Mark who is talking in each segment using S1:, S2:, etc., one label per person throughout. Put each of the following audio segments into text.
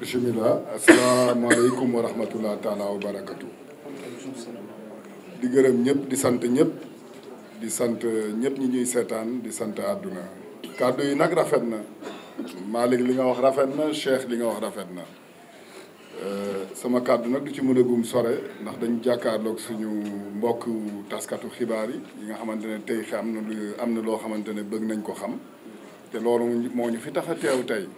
S1: bismillah asalaamaaleykum wa rahmatullah taala wa di gërëm ñëpp di sant ñëpp di sant ñëpp ñi ñuy seetaan di sant àdduna kàddu yi nag rafet na Malick li nga wax rafet na Cheikh li nga wax rafet na Euh, sama kàddu nag du ci mu a gum sore ndax dañu jàkkaarloog suñu mbokk taskatu xibaar yi yi nga xamante ne tey am na lu am na loo xamante ne bëgg nañ ko xam te loolu moo ñu fi tax a teew tey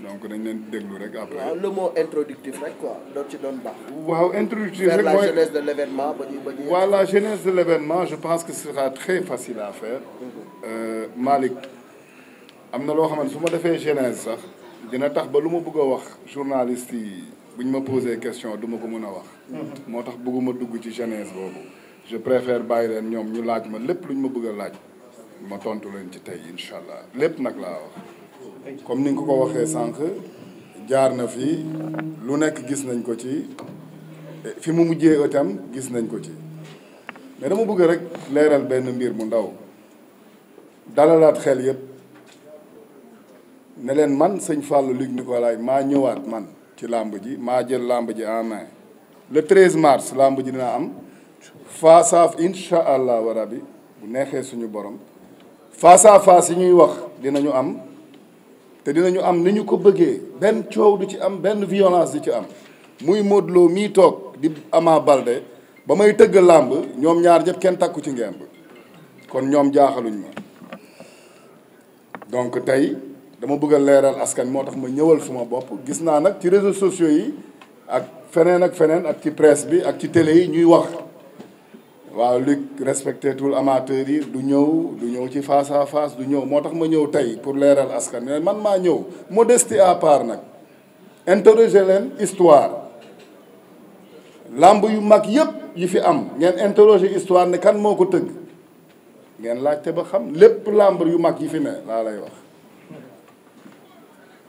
S1: donc dañ leen déglu rek après. waaw le mot introductif rek quoi ci doon baax. waaw introductif rek mooy la jeunesse de l' ba ba ñuy. waaw la jeunesse de l' événement je pense que ce sera très facile à faire. Mm-hmm. Euh, am na loo xamante su ma defee jeunesse sax dina tax ba lu ma bëgg a wax journaliste yi. buñ ma posé question duma ko mën a wax. moo tax bëgguma dugg ci jeunesse boobu. je préfère bàyyi leen ñoom ñu laaj ma lépp lu ñu ma bëgg a laaj ma tontu leen ci tey incha allah lépp nag laa wax. comme ni nga ko waxee sànq jaar na fi lu nekk gis nañ ko ci fi mu mujjee itam gis nañ ko ci mais dama bëgg rek leeral benn mbir mu ndaw dalalaat xel yépp ne leen man sëñ Fallou Luc Nicolaï maa ñëwaat man. ci làmb ji maa jël làmb ji en main le 13 mars làmb ji dina am face à incha allah wa rabbi bu neexee suñu borom face à face yi ñuy wax dinañu am te dinañu am ni ñu ko bëggee benn coow du ci am benn violence du ci am muy Modou Lo toog di Ama balde ba may tëgg làmb ñoom ñaar ñëpp kenn takku ci ngemb kon ñoom jaaxaluñ ma donc tey dama bëgg leeral askan moo tax ma ñëwal suma bopp gis naa nag ci réseaux sociaux yi ak feneen ak feneen ak ci presse bi ak ci télé yi ñuy wax waaw Luc respecté tout amateur yi du ñëw du ñëw ci face à face du ñëw moo tax ma ñëw tey pour leeral askan man maa ñëw modestie à part nag interroger leen histoire làmb yu mag yépp yi fi am ngeen interroger histoire ne kan moo ko tëgg ngeen laajte ba xam lépp làmb yu mag yi fi ne laa lay wax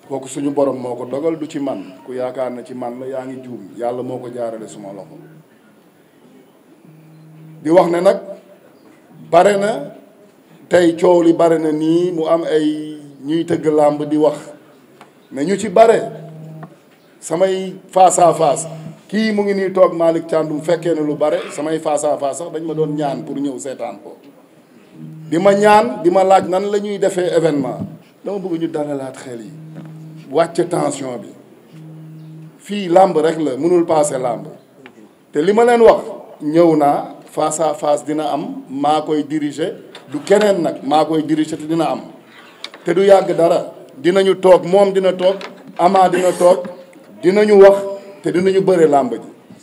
S1: kooku suñu borom moo ko dogal du ci man ku yaakaar na ci man la yaa ngi juum yàlla moo ko jaarale suma loxo di wax ne nag bare na tey coow li bare na nii mu am ay ñuy tëgg làmb di wax mais ñu ci bare samay face à kii mu ngi nii toog caan Malick mu fekkee ne lu bare samay face à sax dañ ma doon ñaan pour ñëw seetaan ko di ma ñaan di ma laaj nan la ñuy defee événement dama bëgg ñu dalalaat xel yi wàcc tension bi fii làmb rek la mënul paase làmb te li ma leen wax ñëw naa face à face dina am maa koy diriger du keneen nag maa koy diriger te dina am te du yàgg dara dinañu toog moom dina toog Ama dina toog dinañu wax te dinañu bëre làmb ji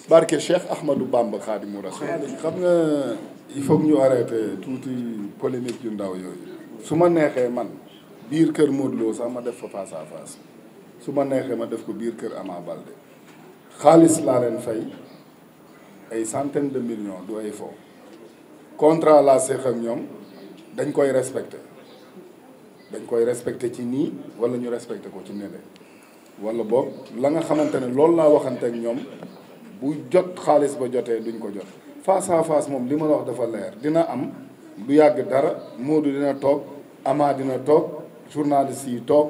S1: barke Cheikh Ahmadou Bamba Khadimu Rasul xam nga il faut ñu arrêté tuuti polémique yu ndaw yooyu su ma neexee man biir kër Modou Lo sax ma def fa face à face su ma neexee ma def ko biir kër Ama Baldé xaalis laa leen fay ay centaine de million du ay fo contrat laa seex ak ñoom dañ koy respecté dañ koy respecté ci nii wala ñu respecté ko ci nele walla boog la nga xamante ne loolu laa waxante ak ñoom bu jot xaalis ba jotee duñ ko jot face à face moom li ma wax dafa leer dina am du yàgg dara Modou dina toog Ama dina toog journaliste yi toog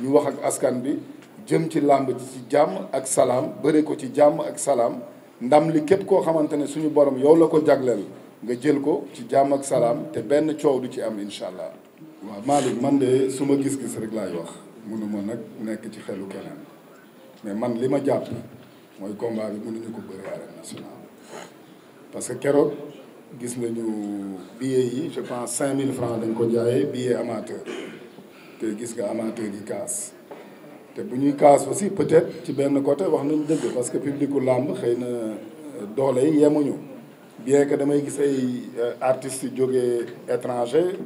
S1: ñu wax ak askan bi jëm ci làmb ji ci jàmm ak salaam bëri ko ci jàmm ak salaam ndam li képp koo xamante ne suñu borom yow la ko jagleel nga jël ko ci jàmm ak salaam te benn coow du ci am incha allah. waaw Malick man de su ma gis-gis rek laay wax mënuma nag nekk ci xelu keneen mais man li ma jàpp mooy combat bi mënuñu ko bëre arène nationale parce que keroog gis ñu billet yi je cinq mille francs dañ ko jaayee billet amateur te gis nga amateur yi kaas. te bu ñuy kaas aussi peut-être ci benn côté wax nañ dëgg parce que publicu làmb xëy na euh, doole yi yemuñu bien que damay gis ay euh, artistes yu jógee étranger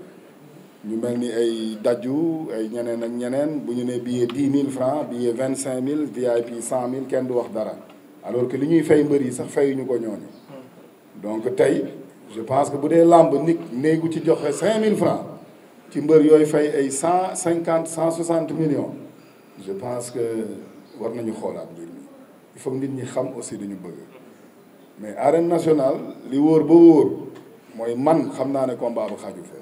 S1: ñu mel ni ay daju ay ñeneen ak ñeneen bu ñu ne billet dix mille francs billet vingt cinq mille VIP cent mille kenn du wax dara alors que li ñuy fay mbër yi sax fayuñu ko ñooñu donc tey je pense que bu dee làmb nit néegu ci joxe cinq mille francs ci mbër yooyu fay ay cent cinquante cent soixante millions je pense que war nañu xoolaat mbir mi il nit ñi xam aussi dañu bëgg mais arène national li wóor ba wóor mooy man xam naa ne combat bu xaju fa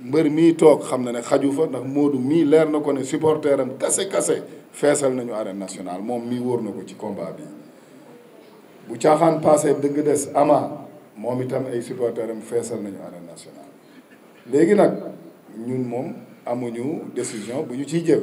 S1: mbër mii toog xam na ne xaju fa ndax Modou mii leer na ko ne supporter am kase kase feesal nañu arène national moom mii wóor na ko ci combat bi bu caaxaan passé dëgg des ama moom itam ay supporter am feesal nañu arène nationale léegi nag ñun moom amuñu décision bu ñu ciy jël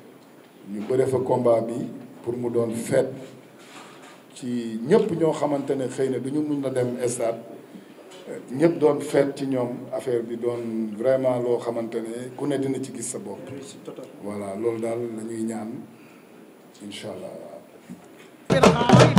S1: ñu bëre fa combat bi pour mu doon fête ci ñëpp ñoo xamante ne xëy na du ñu mun na dem stade ñëpp doon fête ci ñoom affaire bi doon vraiment loo xamante ne ku ne dina ci gis sa bopp. voilà loolu daal lañuy ñuy ñaan incha allah.